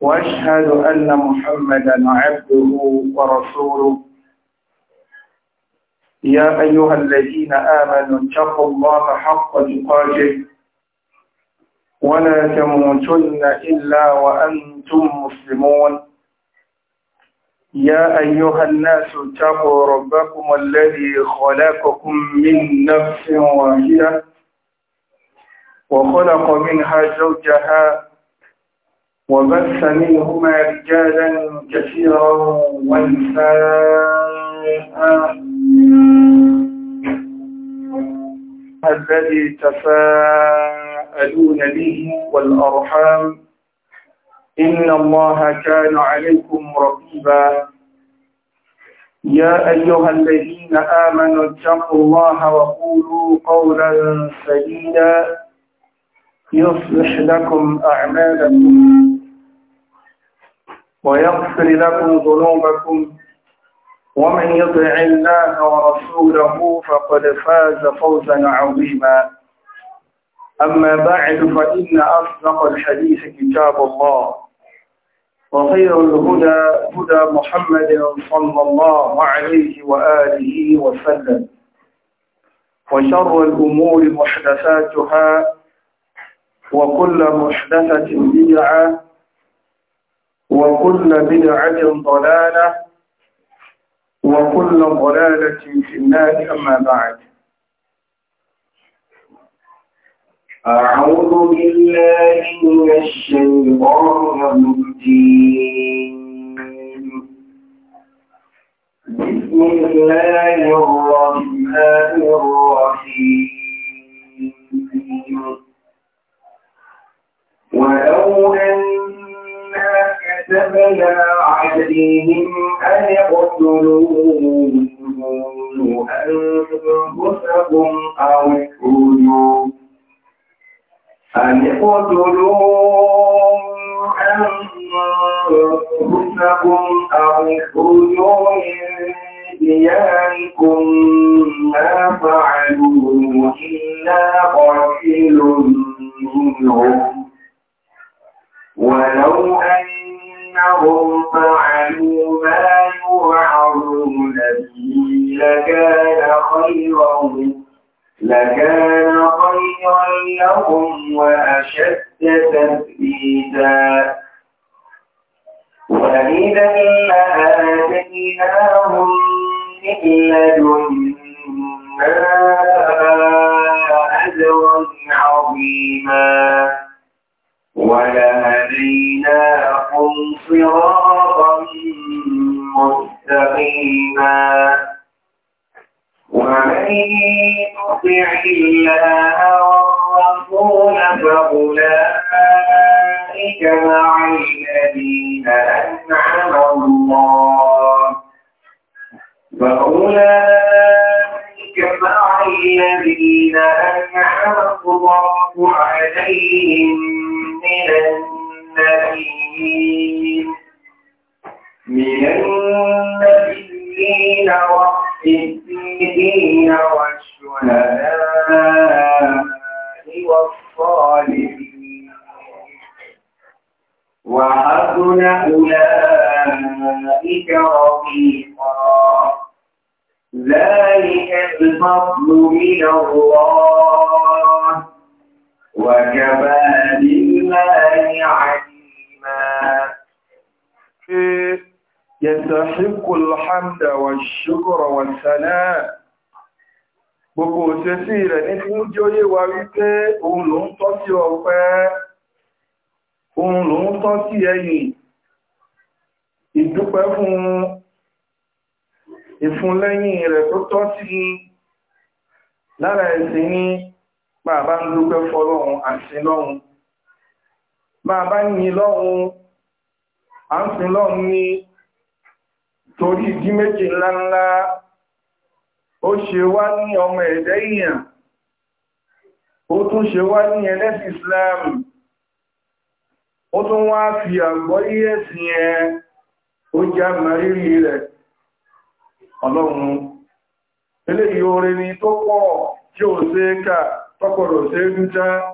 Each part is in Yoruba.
وأشهد أن محمدا عبده ورسوله يا أيها الذين آمنوا اتقوا الله حق تقاته ولا تموتن إلا وأنتم مسلمون يا أيها الناس اتقوا ربكم الذي خلقكم من نفس واحدة وخلق منها زوجها وبث منهما رجالا كثيرا ونساء الذي تساءلون به والأرحام إن الله كان عليكم رقيبا يا أيها الذين آمنوا اتقوا الله وقولوا قولا سديدا يصلح لكم أعمالكم ويغفر لكم ذنوبكم ومن يطع الله ورسوله فقد فاز فوزا عظيما أما بعد فإن أصدق الحديث كتاب الله وخير الهدى هدى محمد صلى الله عليه وآله وسلم وشر الأمور محدثاتها وكل محدثة بدعة وكل بدعة ضلالة وكل ضلالة في النار أما بعد أعوذ بالله من الشيطان الرجيم بسم الله الرحمن الرحيم ولو أن كتبنا عليهم أن اقتلوا أنفسكم أو اخرجوا أن اقتلوا أنفسكم أو اخرجوا من دياركم ما فعلوا إلا قتيل منهم ولو أن إنهم فعلوا ما يوعظون به لكان خيرا لكان خيرا لهم وأشد تثبيتا وإذا لآتيناهم من لدنا أجرا عظيما ولا لهم صراطا مستقيما ومن يطع الله والرسول فأولئك مع الذين أنعم الله فأولئك مع الذين أنعم الله عليهم من النبيين من النبيين والصديقين والشهداء والصالحين وحسن أولئك رفيقا ذلك الفضل من الله وكفى به بالله عليما يستحق الحمد والشكر والثناء gbogbo òṣèṣì rẹ̀ ní fún jí ó yé wa wípé òun ló ń tọ́ sí ọpẹ́ òun ló ìdúpẹ́ fún ìfúnlẹ́yìn rẹ̀ tó tọ́ sí lára ẹ̀sìn ní bàbá ń dúpẹ́ fọ́lọ́run àti lọ́run máa bá yìn lọ́hun à ń ní torí ìdí méjì ńláńlá ó ṣe wá ní ọmọ ẹ̀dẹ́ ìyàn ó tún ṣe wá ní Islam ó tún wá fi àgbọ́yé ẹ̀sìn ẹ ó já rẹ̀ ọlọ́run eléyìí oore ni tó pọ̀ tí ó ṣe é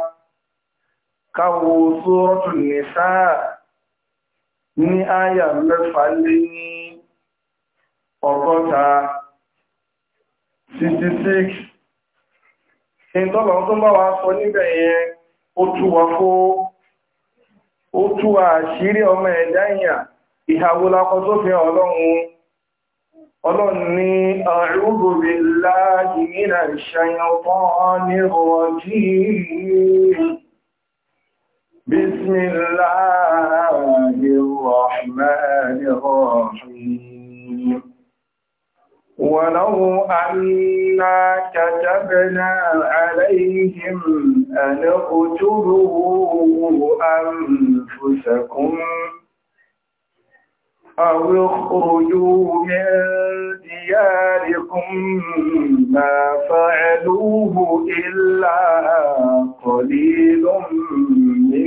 káwo sórọ́tù nìsáà ní àyà mẹ́fà lé ní ọgọ́ta 66 ìtọ́bà tó bá wa sọ níbẹ̀ yẹn ó túwa kó ó túwa àṣírí ọmọ ẹ̀dá ìyà ìhàwó lákọ tó fi ọlọ́run ọlọ́run ní a'udhu billahi minash shaytanir rajim بسم الله الرحمن الرحيم ولو أنا كتبنا عليهم أن اقتلوا أنفسكم أو اخرجوا من دياركم ما فعلوه إلا قليل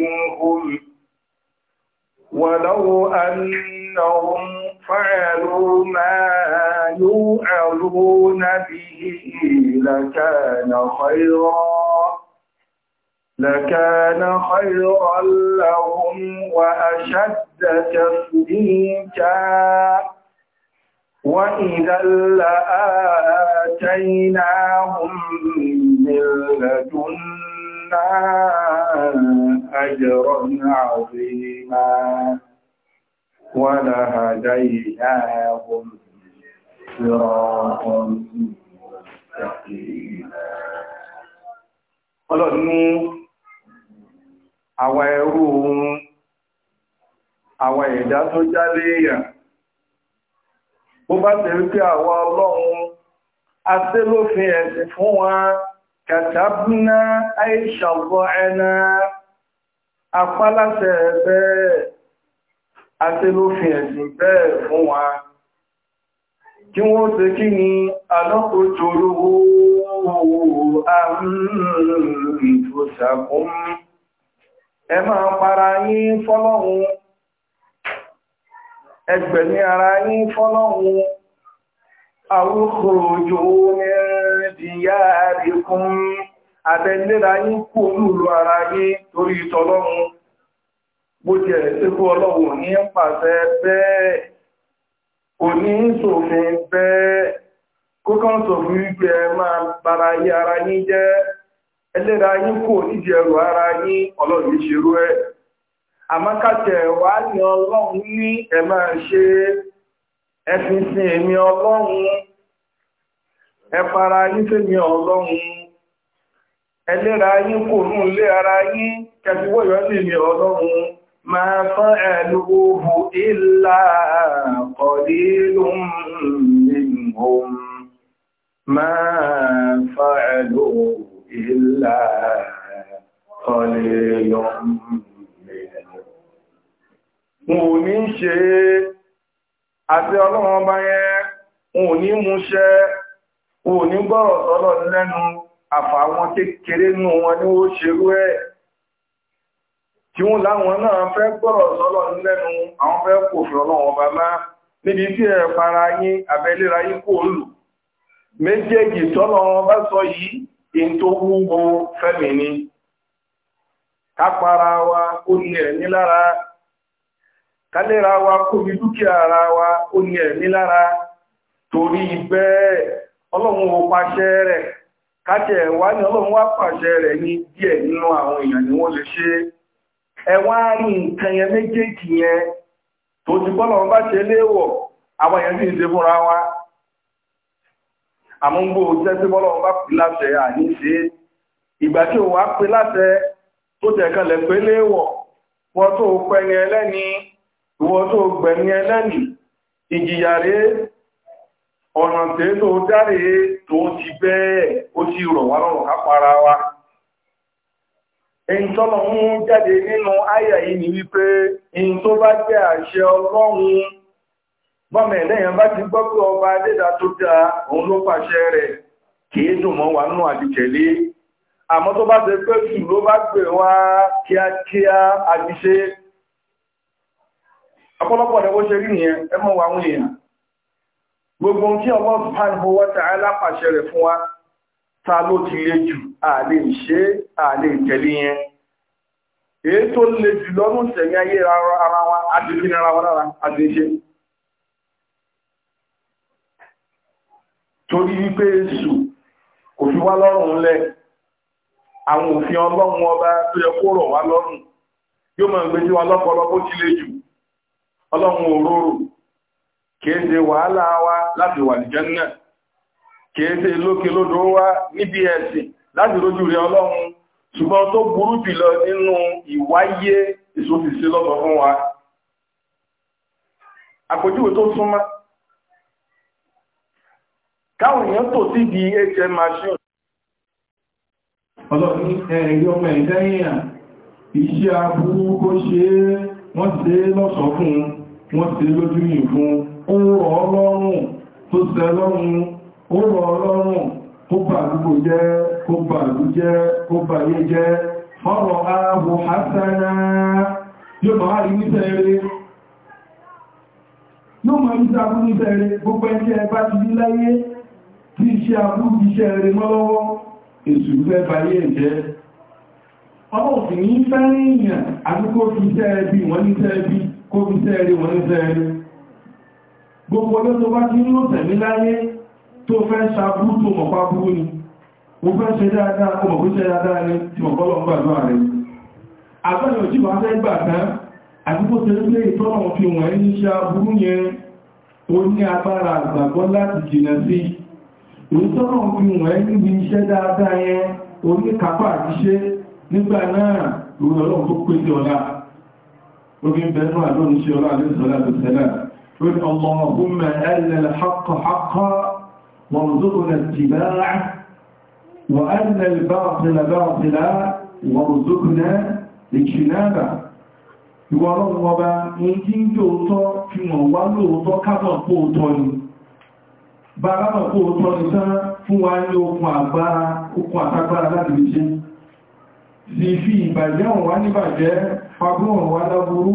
منهم ولو أنهم فعلوا ما يوعظون به لكان خيرا لكان خيرا لهم وأشد تثبيتا وإذا لآتيناهم من لدنا أجرا عظيما ولهديناهم صراطا مستقيما Ọlọ́run ní àwa ẹrú ohun, ẹ̀dá tó Bó bá tẹ̀ wípé àwa ọlọ́run, a tẹ́ lófin ẹ̀sìn fún wa, kàtàbùná ọgbọ ẹnáà. apáláṣẹ bẹ́ẹ̀ àtẹ́lófin ẹ̀sìn bẹ́ẹ̀ fún wa kí wọ́n ṣe kí ni alọ́kòjòrò àmìlòsàkún ẹ máa para yín fọ́lọ́hun ẹgbẹ̀mí ara yín fọ́lọ́hun àwúkòjò ní díyàrí kún àtẹ́lẹ́ra yín kú olúlu ara yín torí ìtọ́lọ́run bó jẹ́ ẹ̀sẹ́kú ọlọ́run ní pàṣẹ bẹ́ẹ̀ kò ní ṣòfin bẹ́ẹ̀ kókàn ṣòfin wípé ẹ máa bara yí ara yín jẹ́ ẹlẹ́ra yín kú nídìí ẹrù ara yín ọlọ́run ṣerú ẹ̀ àmọ́kàtẹ̀ wà ní ọlọ́run ní ẹ máa ṣe ẹ̀sìn èmi ọlọ́run ẹ para fẹ́mi ọlọ́run ẹlẹ́ra yín kò ní ilé ara yín kẹfíwọ́ ìrọ́sì mi ọlọ́run máa fán ẹ̀lú ohù ìlà kọ̀lílùm minhum máa fán ẹ̀lú ohù ìlà kọ̀lílùm àti ọlọ́run ọba yẹn mo ní mú gbọ́rọ̀ sọ́lọ̀ lẹ́nu tí kékeré nù wọn ni ó ṣerú ẹ̀ tí wọ́n láwọn náà fẹ́ gbọ́rọ̀ sọ́lọ̀ nílẹ́nu àwọn fẹ́ kò fi ọlọ́wọ́n bá má níbi tí ẹ̀ para yí abẹ́lera kò lù méjèèjì bá sọ yìí wa ó ní wa wa ó ní ẹ̀mí lára torí kájẹ̀ ẹ̀wà ní ọlọ́run wá pàṣẹ rẹ̀ ní díẹ̀ nínú àwọn èèyàn ni wọ́n lè ṣe ẹwà rí nǹkan yẹn méjèèjì yẹn tó ti bọ́lọ̀ wọn bá ṣe léèwọ̀ àwọn èèyàn sì ń ṣe fúnra wa àmúgbò jẹ́ tí bọ́lọ̀ wọn bá pè láṣẹ àní ṣe ìgbà tí òun á pè láṣẹ tó tẹ̀ kan lẹ̀ pé léèwọ̀ wọ́n tó tó ìjìyà rèé ọ̀nà tó dáre tó ti bẹ́ẹ̀ ó ti rọ̀ wá lọ́rọ̀ wa èyí tọ́nà ń jáde nínú àyà yìí ni wípé èyí tó bá jẹ́ àṣẹ ọlọ́run bọ́mẹ̀ lẹ́yìn bá ti gbọ́ pé ọba adéda tó dáa òun ló pàṣẹ rẹ̀ mọ́ wa nínú àmọ́ tó bá pé jù ló bá gbé wá kíákíá àdìṣe Ọpọlọpọ ni ó ṣe rí nìyẹn ẹ gbogbo tí Allah subhanahu wa ta'ala pàṣẹ rẹ̀ fún wa ta ló ti le jù àlè ìṣe àlè ìtẹ̀lé yẹn èyí tó le jù lọ́nà ìṣẹ̀mí ayé ara wa àdìsí ara wa lára àdìsí torí wípé èṣù kò fi wá lọ́rùn lẹ̀ àwọn òfin ọlọ́run ọba tó yẹ kó rọ̀ wá lọ́rùn yóò máa gbé sí wa lọ́pọ̀lọpọ̀ tí le jù ọlọ́run òróró kìí ṣe wàhálà wa láti wà ní jẹ́nà kéèsè lókè lódò wá níbi ẹ̀sìn láti lójú rẹ ọlọ́run ṣùgbọ́n tó burú jùlọ nínú ìwáyé ìṣòfìsí lọ́dọ̀ fún wa àpèjúwe tó súnmọ́ káwọn èèyàn tò sí di hm machine ọlọ́ni ẹ̀rí ọmọ ẹ̀dá èèyàn iṣẹ́ aburú kó ṣe wọ́n ti lọ́ṣọ́ fún wọ́n ti lójú yìí fún ó rọ̀ ọlọ́run tó sẹ lọ́run ó rọ ọlọ́run kó bà àdúgbò jẹ́ kó bà àdú jẹ́ kó bà yé jẹ́ fọ́rọ̀ ààbò hasana yóò máa rí ní gbogbo ẹ̀ṣẹ́ bá ti láyé tí iṣẹ́ àbú iṣẹ́ rẹ mọ́lọ́wọ́ èsù fẹ́ ní fi wọ́n ní kó fi wọ́n ní gbogbo ọjọ́ tó bá ti ní ó tẹ̀mí láyé tó fẹ́ ṣàbúrú tó mọ̀pá búrú ni ó fẹ́ ṣe dáadáa ó mọ̀ pé ṣe dáadáa ní tí mọ̀kọ́lọ̀ gbàdúrà rẹ̀ àgbàyàn ojú wà fẹ́ gbà tán àdúgbò tẹ́lẹ̀ pé ìtọ́nà fi wọ̀n ní ṣe aburú yẹn ó ní agbára àgbàgbọ́ láti jìnà sí ìtọ́nà fi wọ̀n níbi iṣẹ́ dáadáa yẹn ó ní kápá àtiṣẹ́ nígbà náà tó pèsè قل اللهم أرنا الحق حقا وارزقنا اتباعه وأرنا الباطل باطلا وارزقنا اجتنابه ìwọ ọlọ́run ọba ní tí ń tó tọ́ fi wọ̀n wá lóòótọ́ kábọ̀ kó tọ́ ni bàbá mọ̀ kó tọ́ ni tán fún wa ní okun àgbára okun àtagbára láti lè ṣe sí fi ìbàjẹ́ ọ̀wá níbàjẹ́ fagbọ́n ọ̀wá láburú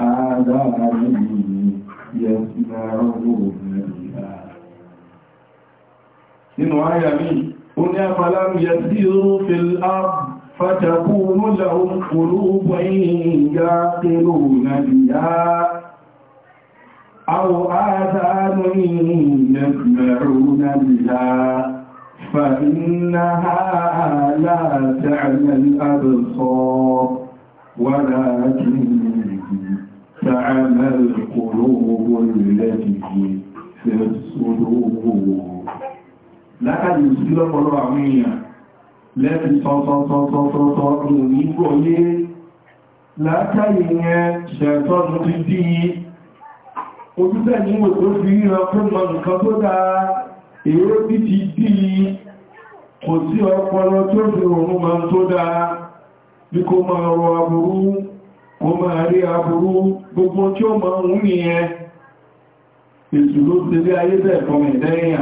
آذانه يسمعه هديئا إنه آية مين فلم يسيروا في الأرض فتكون لهم قلوب يعقلون بها أو آذان يسمعون بها فإنها لا تعمل أبصار ولكن عنها القلوب التي في الصدور látàrí sí lọ́pọ̀lọ́ àwọn èèyàn lẹ́bí tọ́tọ́tọ́tọ́tọ́ ìrìnbò yé látàrí yẹn ṣẹ̀tọ́nù ti dí ojúbẹ̀ ní òkú fi ríran fún mọ̀ nǹkan tó dáa èrò bí ti dí kò sí ọpọlọ tó fi òun mọ̀ tó dáa bí kò mọ̀ ọ̀rọ̀ àbúrú wọ́n máa rí aburu gbogbo tí ó máa ń ní ẹ ètù ló ti rí ayé bẹ̀ fún ìdẹ́yìn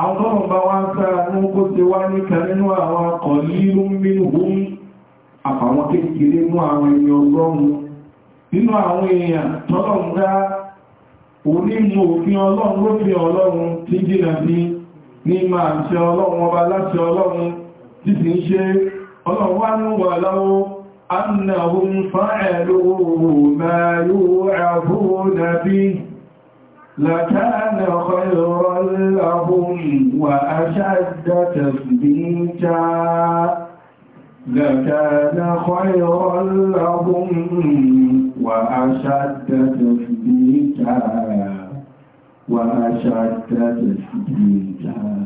àwọn tọ́nà bá wá ń sára ní kó ti wá nínú àwọn akọ̀ lílú mínú kékeré àwọn nínú àwọn èèyàn dá onímọ̀ òfin ọlọ́run ọlọ́run tí jìnà sí ní máa ṣe أنهم فعلوا ما يوعظون به لكان خيرا لهم وأشد تثبيتا لكان خيرا لهم وأشد تثبيتا وأشد تثبيتا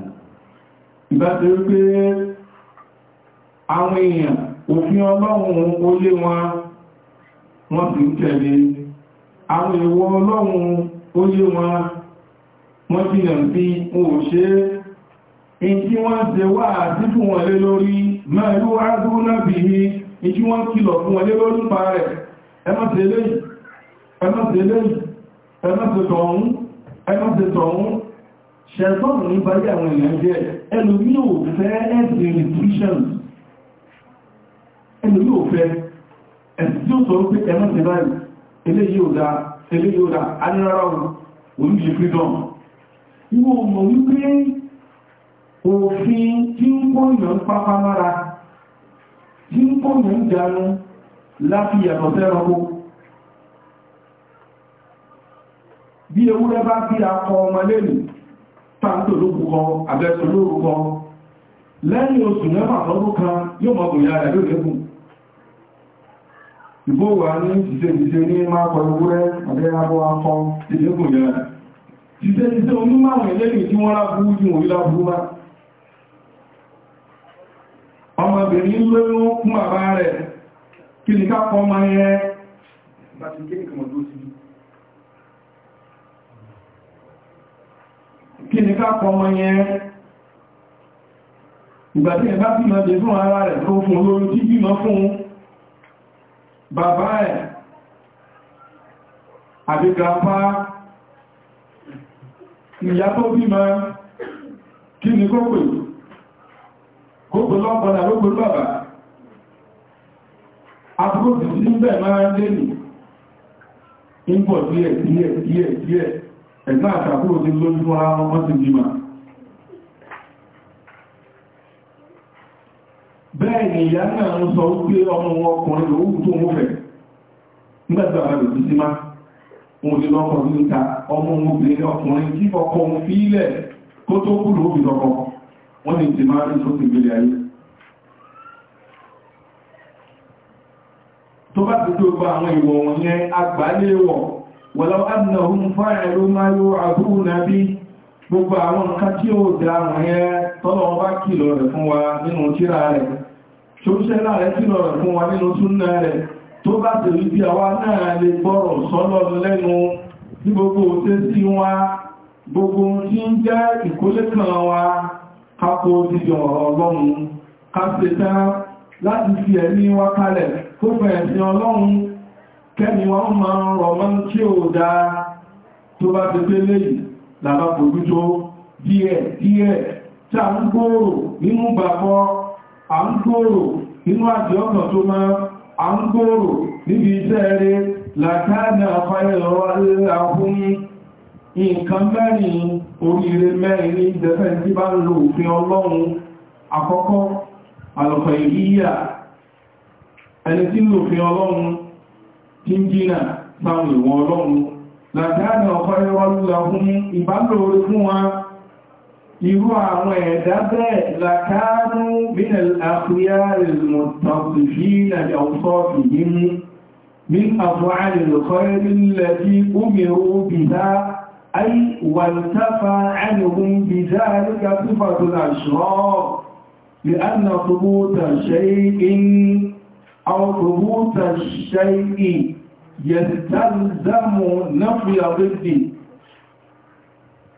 بس يقول أمين òfin ọlọ́run ó lé wọn wọ́n sì ń tẹ̀lé àwọn ìwọ ọlọ́run ó lé wọn wọ́n jìnà sí wọn ò ṣe é in tí wọ́n ṣe wà dídùn wọn lé lórí mẹ́rú ádùn náà bí i in tí wọ́n kìlọ̀ fún wọn lé lórí pa rẹ̀ ẹmọ́sẹ̀ eléyìí ẹmọ́sẹ̀ eléyìí ẹmọ́sẹ̀ tọ̀hún ẹmọ́sẹ̀ tọ̀hún ṣẹ̀tọ́nù ní báyé àwọn èèyàn jẹ́ ẹlòmí ò fẹ́ ẹ̀sìn restrictions ẹnu yóò fẹ́ ẹ̀sì tí ó sọ pé ẹ̀nà ti báyìí ilé yóò dá ilé yóò dá anírára olùgbé freedom ìwọ mọ̀ wípé òfin tí ń pọ̀yàn pápá mára tí ń pọ̀yàn jánu láti yàtọ̀ sẹ́rọ̀kó bí ewúrẹ́ bá bí akọ ọmọ lẹ́nu tàbí olóògùn abẹ́tò olóògùn lẹ́yìn oṣù mẹ́fà lọ́dún kan yóò mọ̀ bòyá rẹ̀ lóògùn ìbúwà ní ìṣẹ́gbìṣẹ́ ní máa pọ̀lúgbúrẹ́ àdẹ́yàbọ́ afọ́ ìṣẹ́gùn yára ìṣẹ́gbìṣẹ́ onímọ̀wọ̀n ẹlẹ́rìn tí wọ́n lábúrú jù wọ́n lábúrú bá ọmọbìnrin lóyún fún bàbá rẹ̀ kí ní ká kọ́ máa yẹ kí ní ká kọ́ máa yẹ ìgbàtí ẹ̀bá bímọ̀ jẹ fún ara rẹ̀ tó fún olórin tí bímọ fún un bàbá ẹ̀ àbí grandpa ìyá tó ma kí ni kó pè kó lọ́pọ̀lá ló pè bàbá àbúrò sí sí bẹ̀ máa lé nì ń pọ̀ díẹ̀ díẹ̀ bẹ́ẹ̀ ni ìyá náà ń sọ pé ọmọ ọkùnrin lòun tó ń fẹ́ nígbàtí àwọn ìlú sí máa òun lè lọ́kọ̀ ní ìta ọmọ obìnrin ọkùnrin tí ọkọ̀ ń fi ilẹ̀ kó tó kú lóòbí lọ́kọ̀ wọ́n ni ti máa ayé tó bá ti tó bá àwọn ìwọ̀ wọn yẹn tó ń ṣẹ́lá rẹ̀ tí lọ rẹ̀ fún wa nínú súnnà rẹ̀ tó bá tèrí bí àwa náà lè gbọ́rọ̀ sọ́lọ́rù lẹ́nu ní gbogbo òtẹ́ sí wa gbogbo tí ń jẹ́ ìkólé kan wa kápò dìjọ ọlọ́run kápẹ́tá láti fi ẹ̀mí wa kalẹ̀ tó fẹ̀ ẹ̀sìn ọlọ́run à ń gbòòrò nínú àti ọ̀nà tó máa à ń gbòòrò níbi iṣẹ́ rẹ̀ làkáàdà àfáyẹ̀rọ aláhún nǹkan mẹ́rin oríire mẹ́rin ní ìdẹ́fẹ́ tí bá ń lo òfin ọlọ́run àkọ́kọ́ àlọ́fẹ́ ìyíyà ẹni tí ń lòfin ọlọ́run tí ń jìnà sáwọn ìwọ̀n ọlọ́run làkáàdà àfáyẹ̀rọ aláhún ìbálòore fún wa irú àwọn ẹ̀dá bẹ́ẹ̀ lakáánú mínal àkúyáril mọ̀tàkùfínà ọ̀sọ́fì nínú min àfúhàní lọ́kọ́rin lẹ́tí umiru bìdá ay wàltafa ánìhun bìdá ríka sífàtún àṣọ́ لأن ثبوت شيء أو ثبوت الشيء يستلزم نفي ضده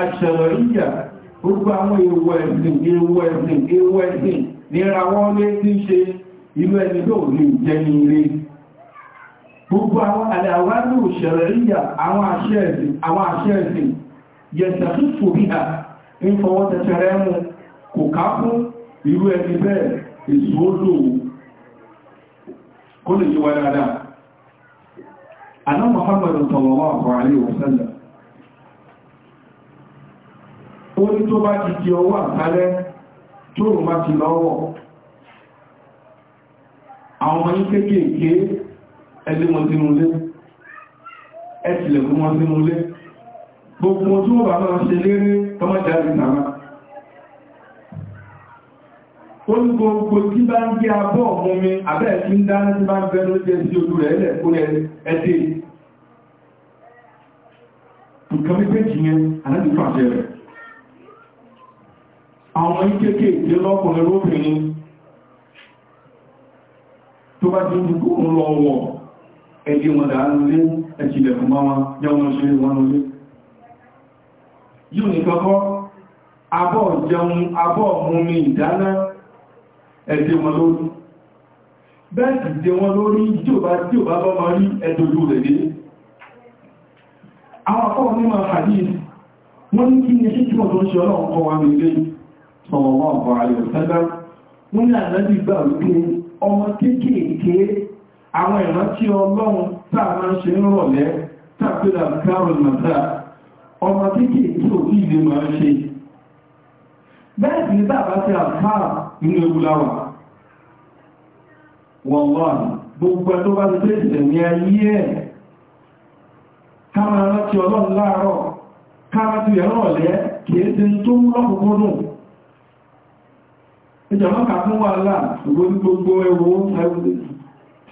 àṣẹ̀wẹ̀ríyà gbogbo àwọn èèwọ̀ ẹ̀sìn èèwọ̀ ẹ̀sìn èèwọ̀ ẹ̀sìn nira wọ́n lé tí ṣe ìlú ẹni tó ilé gbogbo àwọn àdáwádù ṣẹ̀wẹ̀ríyà àwọn àṣẹ ẹ̀sìn àwọn àṣẹ ń fọwọ́ tẹ́tẹ́rẹ́ mú kò ká fún ìlú ẹni bẹ́ẹ̀ lò Muhammadu ó ní tó bá ti di ọwọ́ àtàlẹ́ tó rùn bá ti lọ́wọ́ àwọn ọmọ yí kéèkéèké ẹlé wọn sínú ilé ẹtìlẹ̀kùn wọn sínú ilé gbogbo wọn tí wọ́n bá máa ṣe léré tọmọ jáde tàbá ó ní gbogbo tí bá ń gé abọ́ ọ̀mọ́ mi àbẹ́ẹ̀ tí ń dáná tí bá ń bẹ́ẹ̀ ló jẹ́ sí nǹkan méjèèjì yẹn aláàbí fàṣẹ rẹ̀ àwọn kéèkéèké lọ́kùnrin lóbìnrin tó bá ti dùkú ń lọ wọ̀ ẹ̀dí wọn dáadé ẹ̀kìlẹ̀ fún máa jẹun ṣe wọn lórí yíò ní kọ́kọ́ abọ́ jẹun abọ́ múmi ìdáná ẹ̀dí wọn lórí bẹ́ẹ̀kì jẹ wọn lórí tí ò bá tí ò bá bọ́ mọ́ rí ẹ̀dọ̀jú rẹ̀ dé àwọn akọ́ wọn ní ma hadith wọ́n ní kí ni ṣíkí mọ̀ tó ń ṣe ọlọ́run sallallahu alaihi wasallam wọ́n ní ànábì gbà wípé ọmọ kéékèèké àwọn ìrántí ọlọ́run tá a máa ń ṣe ń rọ̀lẹ́ tàbílà kárùn màtà ọmọ kéékèèké òbí ìlé máa ń ṣe bẹ́ẹ̀ sì ní bàbá ti àfáà nínú ewu láwà wọ́n wà gbogbo ẹ̀ tó ìjọba kà fún wà láà ìgbóní gbogbo ẹwọ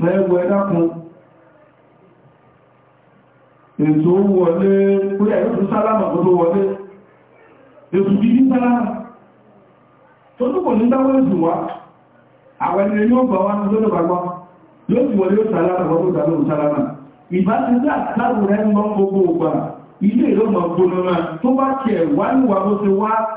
ẹwọ ẹdákun ètò wọlé orí ẹ̀yọ́tún sálámà tó tó wọlé ètò gidi sálámà tó tó kò ní dáwọ́ ètò wá àwọn ènìyàn yóò gbà wá ní lọ́dọ̀ bàgbá yóò ti wọlé sálámà tó tó sálámà ìbá ti dá àtàrù rẹ̀ ń gbọ́n gbogbo ògbà ilé ìlọ́mọ̀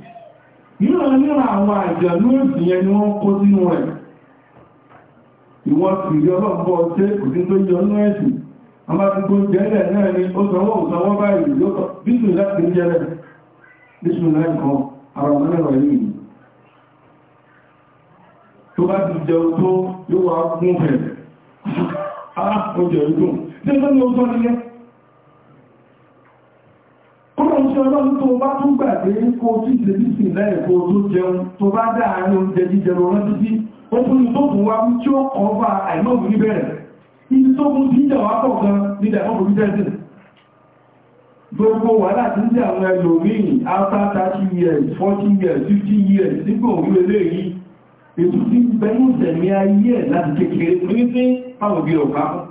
níran níran àwọn àjẹ̀lú ìsìn yẹn ni wọ́n kó sínú rẹ̀ ìwọ́n sì rí ọlọ́pọ̀ ṣe kò sí tó yọ ní ẹ̀sìn a máa ti kó jẹ́lẹ̀ náà ni ó sanwó òsanwó báyìí lókọ̀ bíṣù láti jẹ́lẹ̀ bíṣù láì kan ara mẹ́rẹ̀ yìí tó bá ti jẹ tó yóò wá gún fẹ̀ ah, ṣe ọlọ́run tó bá tún gbàgbé kó tí ìṣẹ́ títì lẹ́yìn kó tó jẹun tó bá dáàrin oúnjẹ jíjẹ lọ rántí sí ó fún ní tó fún wa tí ó kọ́ bá àìmọ́bù ní bẹ̀rẹ̀ ibi tó fún jíjẹ wá pọ̀ gan ní ìdàmọ́bù ní bẹ̀rẹ̀ gbogbo wà láti ní àwọn ẹlòmíì after thirty years forty years fifty years nígbà òun lè yí ètò tí bẹnu sẹ̀mí ayé ẹ̀ láti kékeré ní sí fáwọn òbí ọ̀ká fún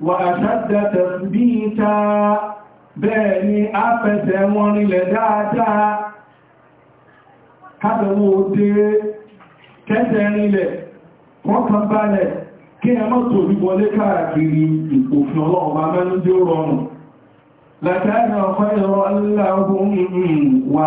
وأشد تثبيتا بني أفسمون لدادا kábẹ̀wò òde kẹsẹ̀ nílẹ̀ wọ́n kan balẹ̀ kí ẹ mọ́ tòrí wọlé káàkiri ìpòfin ọlọ́run bá mẹ́rin tí ó rọrùn látàrí ọ̀fẹ́ ìrọ̀ aláhùn wà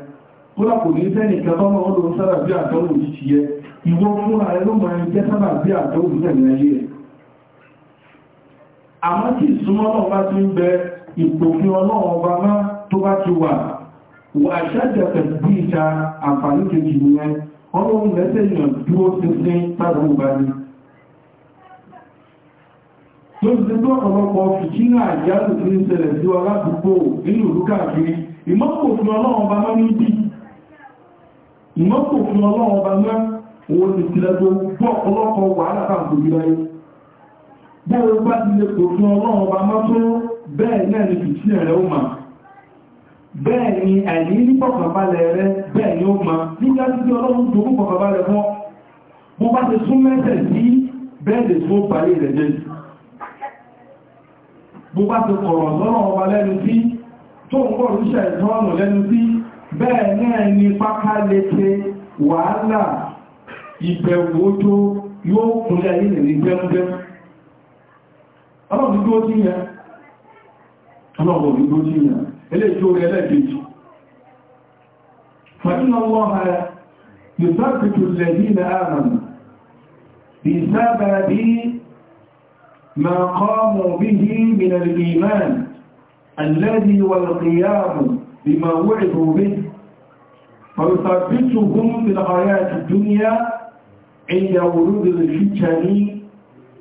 kúrò kò ní tẹ́ nìkan tọ́mọ ọdún sára bí àtọ́wò jíjì yẹ ìwọ fún ààrẹ ló máa ń jẹ́ sára bí ayé àmọ́ tí ìsúnmọ́ náà bá ti ń bẹ ìpòfin ọlọ́run ọba tó bá ti wà wà bí ìta àǹfààní kejì nìyẹn ọlọ́run lẹ́sẹ̀ yàn dúró sínsín tábà bá ní ti tó ọ̀pọ̀lọpọ̀ àjálù tí ń ṣẹlẹ̀ sí nínú ìlú káàkiri mọ́tò fún ọlọ́run ọba náà owó ti tilẹ̀ tó gbọ́ ọlọ́kọ̀ wàhálà kan kò gbíra yìí bọ́ọ̀ bá ti lè kò fún ọlọ́run ọba mọ́tò bẹ́ẹ̀ náà ni fìtí ẹ̀rẹ́ ó máa bẹ́ẹ̀ ni àìní ní pọ̀kànbalẹ̀ rẹ bẹ́ẹ̀ ni ó máa nígbà tí ọlọ́run tó kún pọ̀kànbalẹ̀ bẹ́ẹ̀ náà ni pápá léte wàhálà ìbẹ̀wò ojú yóò kúnlẹ̀ ayé nìrí gbẹ́mgbẹ́m ọlọ́run dúdú ó sí yẹn ọlọ́run dúdú ó sí yẹn eléjì orí ẹlẹ́gbẹ̀ẹ́jì fàínà wọ́n ha yùsáàkìtù lẹ́bí na ààrùn bí sábà bí ma kọ́mù bí i mìnà ìmán bí فيثبتهم في الحياة الدنيا عند ورود الفتن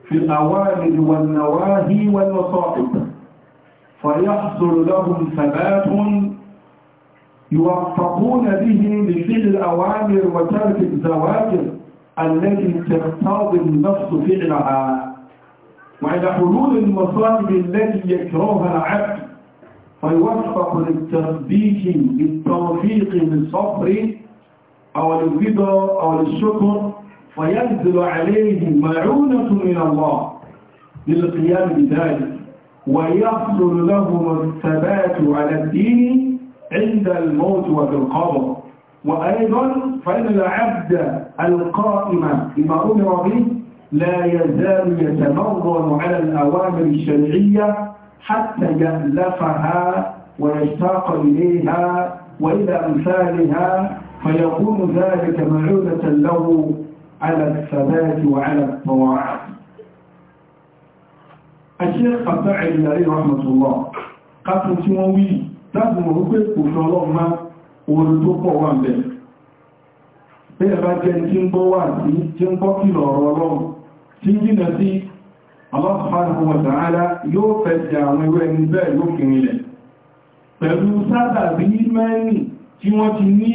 في الأوامر والنواهي والمصائب فيحصل لهم ثبات يوفقون به لفعل الأوامر وترك الزواجر التي تقتضي النفس فعلها وعند حلول المصائب التي يكرهها العبد فيوفق للتثبيت بالتوفيق للصبر أو للرضا أو للشكر فينزل عليه معونة من الله للقيام بذلك ويحصل له الثبات على الدين عند الموت وفي القبر وأيضا فإن العبد القائم بما أمر به لا يزال يتمرن على الأوامر الشرعية حتى يألفها ويشتاق إليها وإلى أمثالها فيكون ذلك معونة له على الثبات وعلى الطاعة الشيخ أبدع الله رحمة الله قد تنوي لازم ركب كفر ما ورزق وان به بيغا bá jẹ́ tí ń gbọ́ wà sí Allah subhanahu wa ta'ala yóò fẹ́ jẹ àwọn ewé ẹni bẹ́ẹ̀ lókè nílẹ̀ pẹ̀lú sábà bí mẹ́rin tí wọ́n ti ní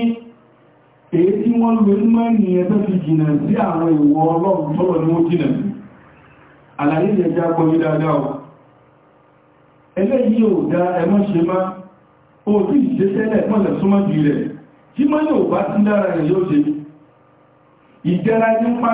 èyí tí wọ́n lò ní mẹ́rin ẹgbẹ́ fi jìnà sí àwọn ìwọ̀ ọlọ́run tọ́rọ ní wọ́n jìnà àlàyé yẹ já kọ́ ní dáadáa ẹlẹ́yìí ò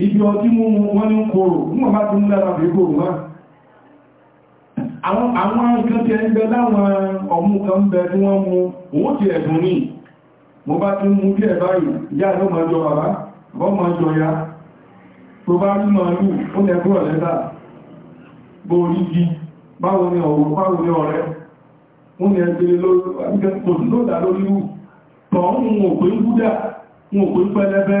ibi ọtí múmú wọ́n ní kòrò wọ́n bá tún lára fi kòrò wá àwọn nǹkan tí ẹ ń bẹ láwọn ọmú kan ń bẹ tí wọ́n mú òun ti ẹ̀dùn ní mo bá tún mú bí ẹ̀ báyìí yá ló mọ́ jọ bàbá bọ́ mọ́ jọ ya tó bá rí wọ́n ni ẹgbẹ̀rẹ̀ lórí kò lórí rú tọ́ ń wò gúdà ń wò pẹ́lẹ́bẹ́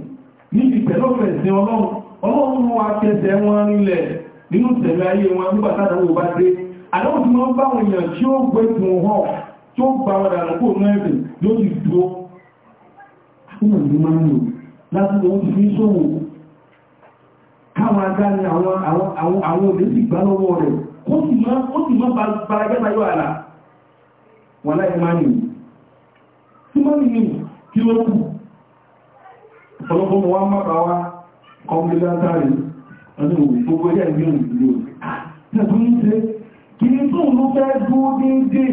níbi tẹ̀lọ́fẹ̀ sí ọlọ́run ọlọ́run wa wọn rinlẹ̀ nínú tẹ̀lẹ̀ ayé wọn nígbàtàdà bá dé àdáwò tí wọ́n bá wọn èèyàn tí ó gbé tún hàn tí ó gba ọ̀dà lọ́pọ̀ mẹ́rin ti dúró tọ́lọ́pọ̀ wá mọ́ra wá kọmílátàrí ọdún òwú gbogbo ẹgbẹ́ ìgbẹ́ òwú ah, tẹ́tù ń ṣe kí ní tún ló fẹ́ dúó déédé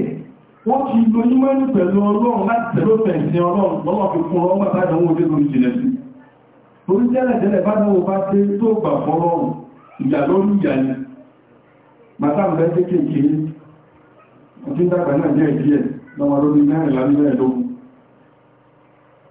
wọ́n ti lo yímọ́nì pẹ̀lú ọlọ́run láti tẹ̀lé fẹ̀sìn ọlọ́run lọ́wọ́ fi kún ọmọ àtàdánwò dé lórí jìnà sí torí tẹ́lẹ̀ tẹ́lẹ̀ bá dánwò bá dé tó gbà fọ́lọ́run ìyà lórí ìyà ni màtá ń bẹ́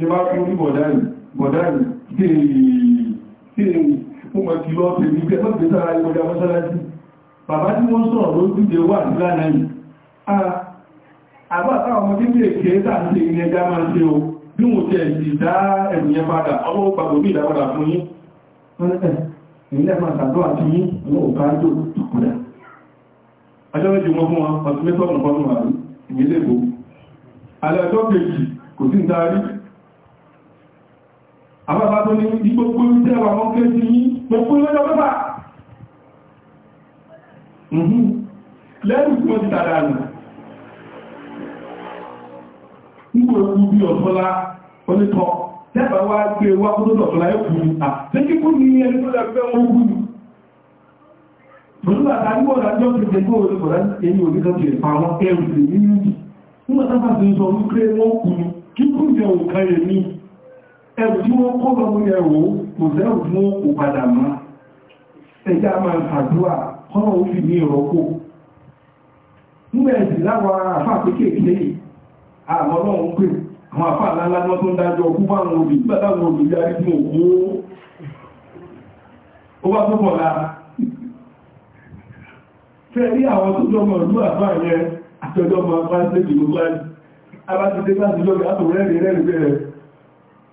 tí bá fún ní bọ̀dáyì bọ̀dáyì tí èyí fún mọ̀ kí lọ́pẹ̀ ní pẹ́ mọ́ pẹ́sára ìwọ̀dá mọ́sálásí bàbá tí wọ́n sọ̀rọ̀ ló dúdé wà ní lánàáyì àbá àtàwọn ọmọdé bí èké láti ilẹ̀ ẹja máa ṣe o bí wọ́n tẹ̀ sí dá ẹ̀mìyàn padà ọwọ́ pàgbò bí ìdápadà fún yín ilẹ̀ máa tàbí àti yín ọlọ́wọ́ bá ń dò tọkọ̀dá ajọ́ méjì wọn fún wọn ọ̀tún mẹ́tọ́ ọ̀nà fọ́nà àrí ìgbélébò alẹ́ ọjọ́ kejì kò sí ń darí àbábá tó ní ní gbogbo ìtẹ́ wà mọ́ kẹ́ sí yí gbogbo ìlọ́jọ́ pẹ́pà lẹ́rù tí wọ́n ti tàdà nù nígbò ewu bí ọ̀tọ́lá onítọ́ tẹ́bà wá gbé wá kó tó dọ̀tọ́lá ẹkù ní à tẹ́kí kú ní ẹni tó lẹ́gbẹ́ wọn kú ní pẹ̀lú àtàríwọ̀ ìdájọ́ ti tẹ́gbẹ́ olùkọ̀lá ẹni òbíkọ́ ti pa wọn ẹrù sí nínú nígbà tábà ti sọ wípé wọn kú ní kíkú jẹ òkà ẹ̀mí ẹrù tí wọ́n kó lọ mú ẹrù kò sẹ́rù tí wọ́n kò padà mọ́ ẹjá máa ń fàdúrà kọ́nà ó fi ní ìrọ́kò nígbẹ̀ẹ́sì láwọn àfà pékèké àmọ́ náà ń pè àwọn àfà alálágbọ́n tó ń dájọ́ ọkú bá àwọn òbí gbádà àwọn òbí yarí tí òkú ó jọmọ̀ ìlú àfà yẹn àtọjọmọ̀ àfà ń tẹ́jì gbogbo abájídé láti lọ́gbẹ̀ àtòrẹ́rẹ́ rẹ̀ rẹ̀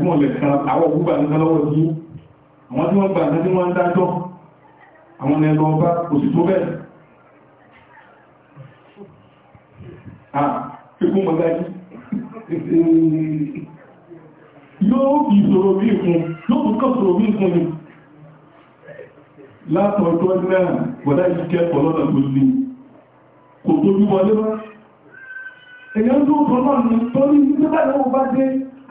wọ́n lè kan àwọn ògbúgbà ní lọ́wọ́ sí àwọn tí wọ́n gbà ní wọ́n ń dájọ́ àwọn ẹlọ ọba òsì tó bẹ́ẹ̀ àfikún mọ̀dájí yóò fi ìṣòro bí ìkún yóò fi kọ́sòrò bí ìkún ni látọ̀ọ̀tọ̀ náà bọ̀dá yìí kẹ́kọ̀ọ́ lọ́nà tó lè kò tó bí wọlé bá èyàn tó kọ̀ náà ní tó ní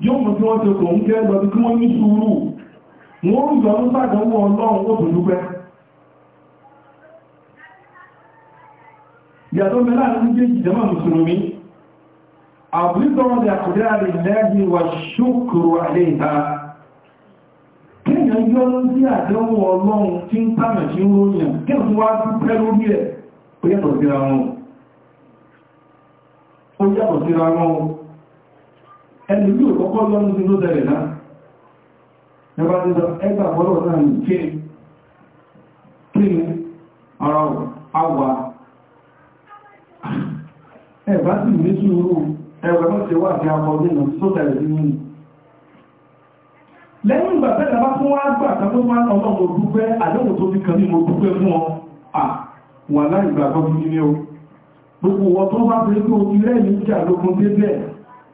yóò mú tí kò ń gẹ́ lọ bí kí wọ́n ní sùúrù wọ́n rú ìyọnú sàdánwò ọlọ́run ó dùn dúpẹ́ yàtọ̀ mẹ́lá ní méjèèjì jẹ́mà mùsùlùmí àbúrítọ́rọ̀ àkùdá rẹ̀ wọn ẹni bí òkọ́kọ́ lọ́nà tí ló tẹ̀lẹ̀ náà ẹgbà tí sọ ẹgbà fọ́lọ̀ náà ní kí kí ní ọ̀rọ̀ àwà ẹgbà tí ní sùúrù ẹgbà tó ṣe wà sí akọ nínú tó tẹ̀lẹ̀ sí nínú lẹ́yìn ìgbà tẹ́lẹ̀ bá tún wá gbà tó wá ọlọ́run mo dúpẹ́ àdéhùn tó fi kàn ní mo dúpẹ́ fún ọ à wà láì gbà tó fi ní o gbogbo wọn tó bá fi kí o ilé ìjà lókun débẹ̀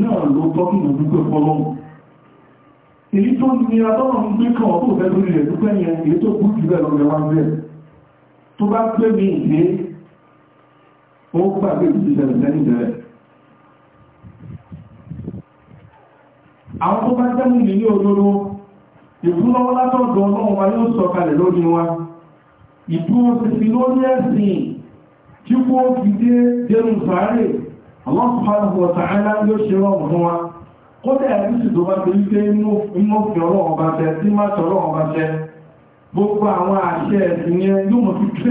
náà ló tọ́kì mọ̀ dúpẹ́ fọ́lọ́mù èyí tó ní adọ́nà ń gbé kan ọdún ìfẹ́ lórí rẹ̀ dúpẹ́ yẹn èyí tó kú jù bẹ́ẹ̀ lọ́rẹ̀ wá bẹ́ẹ̀ tó bá pé mi ìdí ó gbàgbé ìdíjẹ̀lẹ̀ sẹ́yìn bẹ̀rẹ̀ àwọn tó bá jẹ́mù ní ní olóró ìfúnlọ́wọ́ látọ̀dọ̀ ọlọ́run wa yóò sọ kalẹ̀ lórí wa ìdúró ti fi lórí ẹ̀sìn tí kó fi dé jẹ́rù sáré Allah subhanahu wa ta'ala yóò ṣe rọrùn tó bá inú tí ṣe ọlọ́run bá gbogbo àwọn àṣẹ ẹ̀sìn yẹn yóò mọ̀ ẹ̀ kí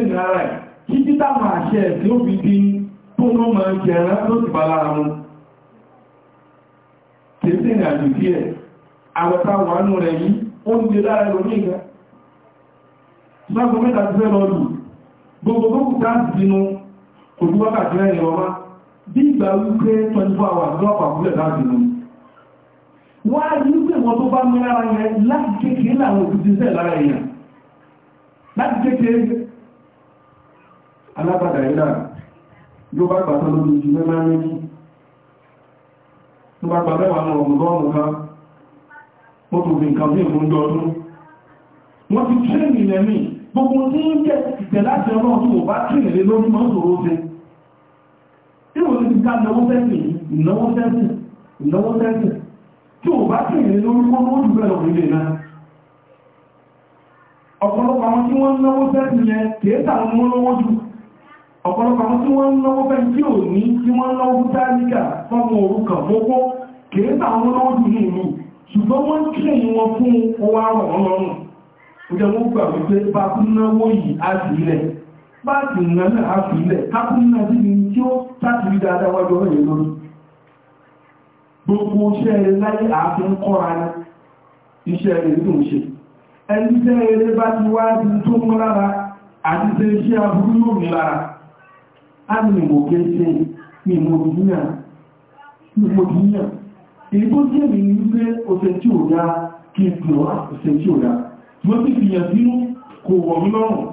àṣẹ ó fi di tó ló bá lára mu àjò àwọ̀ta wà nù rẹ̀ yìí ó ń lára bí ìgbà wípé 24 hours ló pàpùlẹ̀ láti mú wọ́n á yí pé wọ́n tó bá mú lára yẹn láti kékeré láwọn òkú jíṣẹ́ lára èèyàn láti kékeré alábàdà ìlà ló bá gbàtọ́ lórí ju mẹ́má méjì tó bá gbà mẹ́wàá lọ ọmọdé ọmọ kan mo tó fi nǹkan sí ìmúndọ́ ọdún wọ́n ti tírẹ̀nì lẹ́mí gbogbo tí ń jẹ́ ìtẹ̀ láti ọlọ́run tó bá tírẹ̀lẹ́ lórí mọ́sòrò ó bá náwó sẹ́sìn ìnáwó sẹ́sìn ìnáwó sẹ́sìn tí ò bá sì ní lórí wọn ó dùgbẹ́ lọ nílé náà ọ̀pọ̀lọpọ̀ àwọn tí wọ́n náwó sẹ́sìn yẹn kìí sàwọn mú lówó jù ọ̀pọ̀lọpọ̀ àwọn tí wọ́n náwó fẹ́ tí ò ní tí wọ́n náwó dáríkà fọ́mọ orúkà fọ́kọ́ kìí sàwọn lówó jù ní ìlú ṣùgbọ́n wọ́n kílẹ̀ ní wọn fún owó àrọ̀ ọlọ́run náwó yìí á sí ilẹ̀ báàkì ìrìnà náà a fi ilẹ̀ kápún náà sí ni tí ó láti rí dáadáa wájú ọ̀rọ̀ yìí lórí gbogbo iṣẹ́ eré láyé ààfin kọ́ra ní iṣẹ́ eré tó ń ṣe ẹni iṣẹ́ eré bá ti wá ní tó mú lára àti ṣe iṣẹ́ aburú yóò lára a ní ìmòkè ṣe ní ìmòdìyàn èyí tó jẹ́ mi ní pé oṣe tí ò dá kí n pè wá oṣe tí ò dá mo ti fìyàn kò wọ̀ lọ́rùn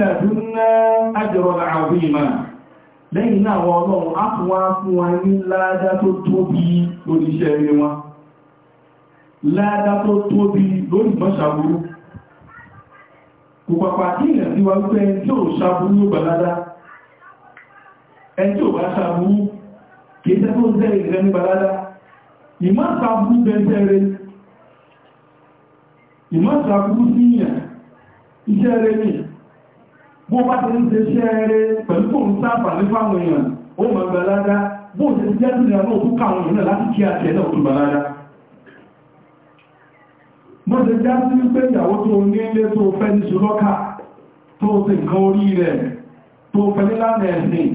lẹ́dúnná ajọ́rọ̀lá àwíìmá lẹ́yìn náà wọn ọlọ́run á fún fún wa ní ládá tó tóbi lórí wọn ládá tó tóbi lórí mọ́ṣàbúrú kò pàpà tí ìrìn wípé tí ṣàbúrú ní balada iṣẹ́ rẹ̀ bó bá ti ń ṣe ṣẹ́ ẹrẹ pẹ̀lú kò ń sáàpà ní fáwọn èèyàn ó mọ̀ gbàlágá bó ṣe ti jẹ́ sílẹ̀ ọmọ òkú káwọn èèyàn láti kí àṣẹ náà tún gbàlágá bó ṣe já sí pé ìyàwó tó ní ilé tó fẹ́ ní ṣùlọ́kà tó ti nǹkan orí rẹ̀ tó fẹ́ nílànà ẹ̀sìn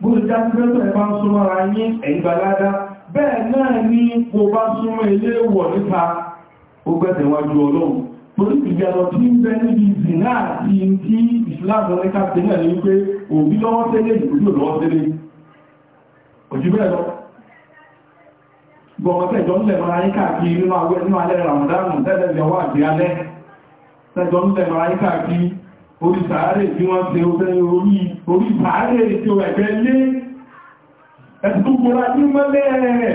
bó ṣe já sí pé tó ẹ̀bá ń súnmọ́ ara yín ẹ̀yìn gbàlágá bẹ́ẹ̀ náà ni bó bá súnmọ́ ilé wọ̀ nípa ó gbẹ̀tẹ̀wájú ọlọ́run torí ìyàrọ̀ tí ń bẹ níbi ìzìnà àti tí Islam rẹ̀ káàkiri náà ní wípé òbí lọ́wọ́ tẹ́lẹ̀ ìgbòjú lọ́wọ́ tẹ́lẹ̀ òjú bẹ́ẹ̀ lọ gbọmọ̀tẹ́ ìjọ ńlẹ̀ mara ní káàkiri nínú àwẹ́ nínú alẹ́ Ramadan tẹ́lẹ̀ ìyàwó àti alẹ́ tẹ́jọ ńlẹ̀ mara ní káàkiri orí sàárè tí wọ́n ṣe orí sàárè tí ó ẹ̀gbẹ́ lé ẹ̀sùn gbọ́ra ní mọ́lẹ́ ẹ̀ẹ̀ẹ̀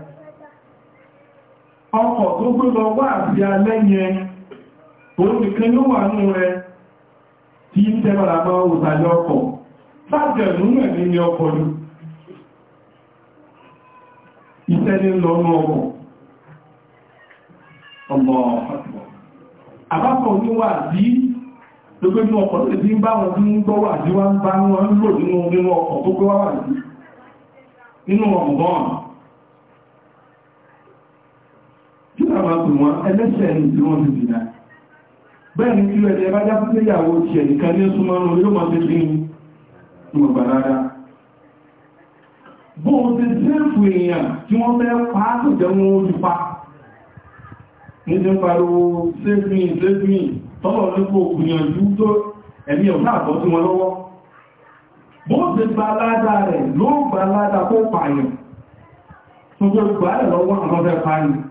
ọkọ̀ tó gbé lọ wà àti alẹ́ yẹn òun wà nù rẹ tí ń tẹ́bàrà mọ́ òtàlẹ́ ọkọ̀ sáàgẹ̀rún mẹ́rin ni ọkọ̀ ọkọ̀ ọmọ àbápọ̀ ní ọkọ̀ tó ti ń bá wọn tí ń gbọ́ wà wá ń bá ọkọ̀ máa pè wọ́n ẹlẹ́sẹ̀ ní tí wọ́n ti dìdá bẹ́ẹ̀ ni kílò ẹ̀dẹ̀ bá jápú pé ìyàwó ti ẹ̀ nìkan ní súnmọ́ ọ̀rọ̀ yóò máa ti fi mọ̀ o ti sẹ́ẹ̀fù èèyàn tí wọ́n fẹ́ pa á tó jẹ́ wọn ó ti pa ní ti ń pariwo sẹ́ẹ̀fì sẹ́ẹ̀fì tọ́lọ̀ nípò gbìyànjú tó ẹ̀mí ọ̀gá àbọ̀ wọn lọ́wọ́ bó o ti gba aládàá rẹ̀ ló gba aládàá kó pààyàn tó gbé gbà á lọ́wọ́ àwọn ọ̀fẹ́ pààyàn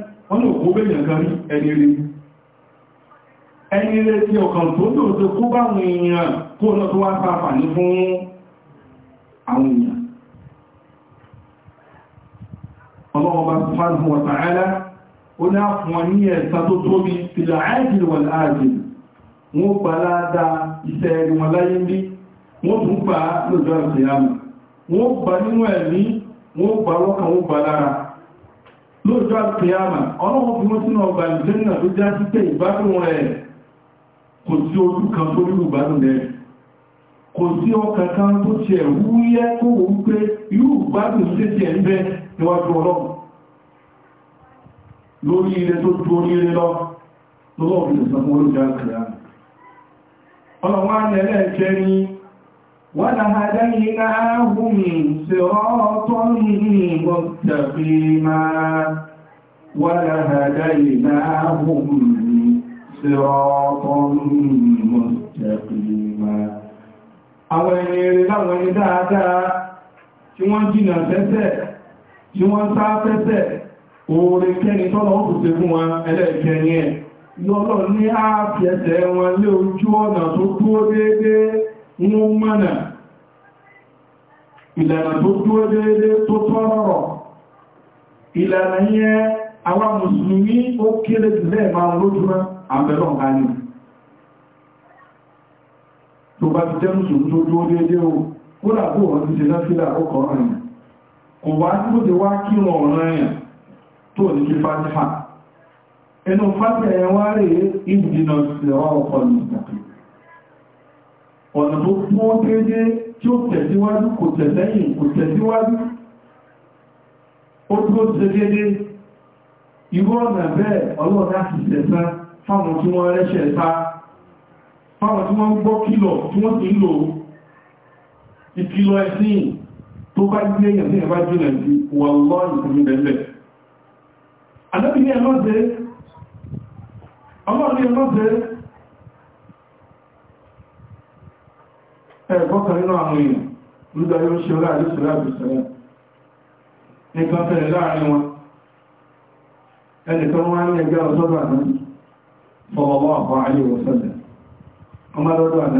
wọ́n ní òkú bẹ́yàn kan rí ẹni rí ẹni rẹ̀ tí ọkàn tó lóòtò kó bá àwọn èèyàn kó lọ tó wá sáfà ní fún àwọn èèyàn ọlọ́ọ̀bá subhanahu wa ta'ala ó ní àfún wọn ní ẹ̀sà tó tóbi fìlà áìjìl wà lóòjọ́ àkìyàmà ọlọ́wọ́ fi wọ́n sínú ọgbà ìjẹ́nà tó já sí pé ìgbádùn rẹ̀ kò sí ojú kan tó rí ìgbádùn rẹ̀ kò sí ọkà kan tó ṣe wúyẹ́ kó wò ó pé irú ìgbádùn ṣe ṣe ń bẹ níwájú ọlọ́run ولهديناهم صراطا مستقيما ولهديناهم صراطا مستقيما àwọn ẹni eré láwọn ẹni dáadáa tí wọ́n jìnà fẹ́sẹ̀ tí wọ́n sá fẹ́sẹ̀ oore kẹ́ni tọ́lọ òkùnṣe fún wọn ẹlẹ́ẹ̀kẹ́ ní ẹ̀ lọ́lọ́ ní ààfẹ́ẹ̀ẹ́ wọn lé ojú ọ̀nà tó déédéé mú mọ́nà ìlànà tó dúró déédé tó tọ́rọ̀ ìlànà awa àwọn mùsùlùmí ó kéré jùlẹ̀ máa lójúmọ́ àbẹ̀lọ́ ọ̀gáyìn tó bá ti jẹ́ tó déédé o kó làbó wọn ti ṣe lọ́fílà ó kò tí ọ̀nà tó fún ó tí ó tẹ̀síwájú kò tẹ̀sẹ́yìn kò tẹ̀síwájú ó tó ṣe dédé irú ọ̀nà bẹ́ẹ̀ ọlọ́ọ̀dá ti sẹ̀sán fáwọn tí wọ́n rẹ́ṣẹ̀ sá fáwọn tí wọ́n gbọ́ tí wọ́n ti ń lò ẹ̀sìn tó bá gbé ẹ̀gbọ́kan nínú àwọn èèyàn lúdọ̀ yóò ṣe ọlá àdíṣẹ́lá àdíṣẹ́lá nìkan fẹ̀rẹ̀ láàrin wọn ẹnìkan wọ́n ní ẹgbẹ́ ọ̀sọ́dọ̀ àdáni fọwọ́wọ́ àpá ayé wọ́sọ́dẹ̀ ọmọdọ́dọ̀ àmì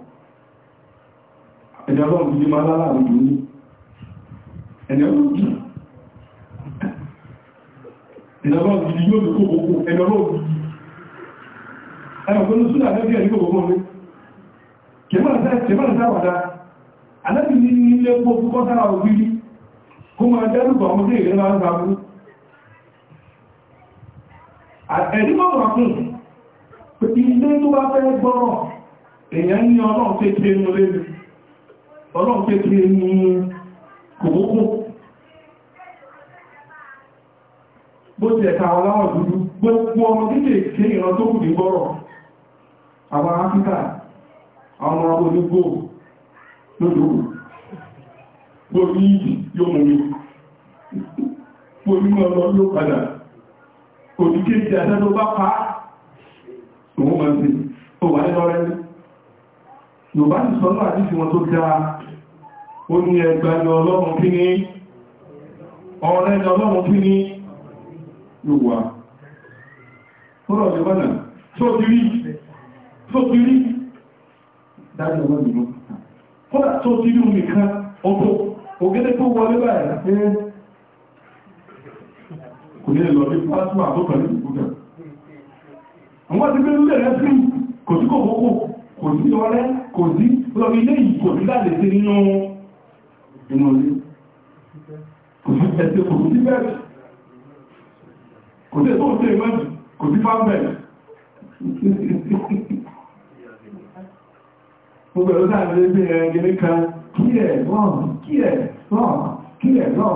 ẹni ọlọ́run bí máa lálàrùn dùn ní ẹni ọlọ́run bí ẹni ọlọ́run bí yóò lè kó gbogbo ẹni ọlọ́run bí ẹni ọgbọ́n súnà lẹ́bí ẹni gbogbo mi kèmọ́ ìsáwàdá alẹ́bí ní ilé gbogbo kọ́sára òbírí kó máa dẹ́rùkọ̀ ọmọdé ìrẹ́lá ń sàbú ẹ̀rí mọ́ ilé tó bá fẹ́ gbọ́rọ̀ èèyàn ní ọlọ́run tẹ́ tẹ́ nú lẹ́nu ọlọ́run pé kí ní bó ti ẹ̀ka aláwọ̀ dúdú gbogbo ọmọ kéèkéé ìran tó kù ní gbọ́rọ̀ àwọn áfíríkà àwọn ọmọ onígbò gbogbo yóò mú mi gbogbo ọmọ yóò padà pa òun mọ̀ sí Yorùbá ti sọ náà àti ìwọ̀n tó dáa, ó ní ẹgbà ní ọlọ́run kí ní, ọ̀rẹ́ ní ọlọ́run kí ní, Yorùbá. Fọ́rọ̀ Yorùbá náà, tó ti rí, tó ti rí, dájọ́ wọ́n nìyàn. Fọ́rọ̀ tó ti rí omi kan, ọkọ̀, ògẹ́dẹ́ tó wọlé báyìí, kò ní lọ bí pásíwà tó kàrí ìgbúgbà. Àwọn ti gbé lórí ẹ̀rẹ́ sí kò tí kò kókò kò sí ọrẹ́ kò sí lọ́wọ́ ilé yìí kò sí láti sí nínú inú ilé kò sí ẹ̀sẹ̀ kò sí bẹ́ẹ̀ kò sí ètò òṣèré mẹ́jì kò sí fáńbẹ̀ẹ̀ mo bẹ̀rẹ̀ sáà lé bí ẹgbẹ̀rẹ̀ kan kí ẹ̀ lọ́ọ̀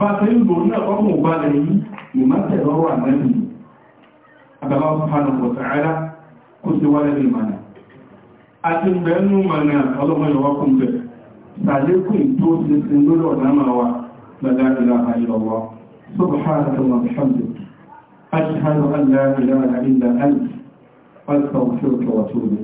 bá tẹ́ ìlò náà ọmọ ìbálẹ̀ yìí ìmọ́tẹ̀ lọ́rọ̀ àmẹ́lì àgbàbá fánà pọ̀tàrà kó sí wálẹ̀ ní ìmọ̀nà àti ìbẹ̀ẹ́nu mọ̀nà ọlọ́mọ̀lọ́wọ́kùn bẹ̀ sàlékùn tó ti sin lórí ọ̀dámàwà lọ́dá ìlà àyílọ́wọ́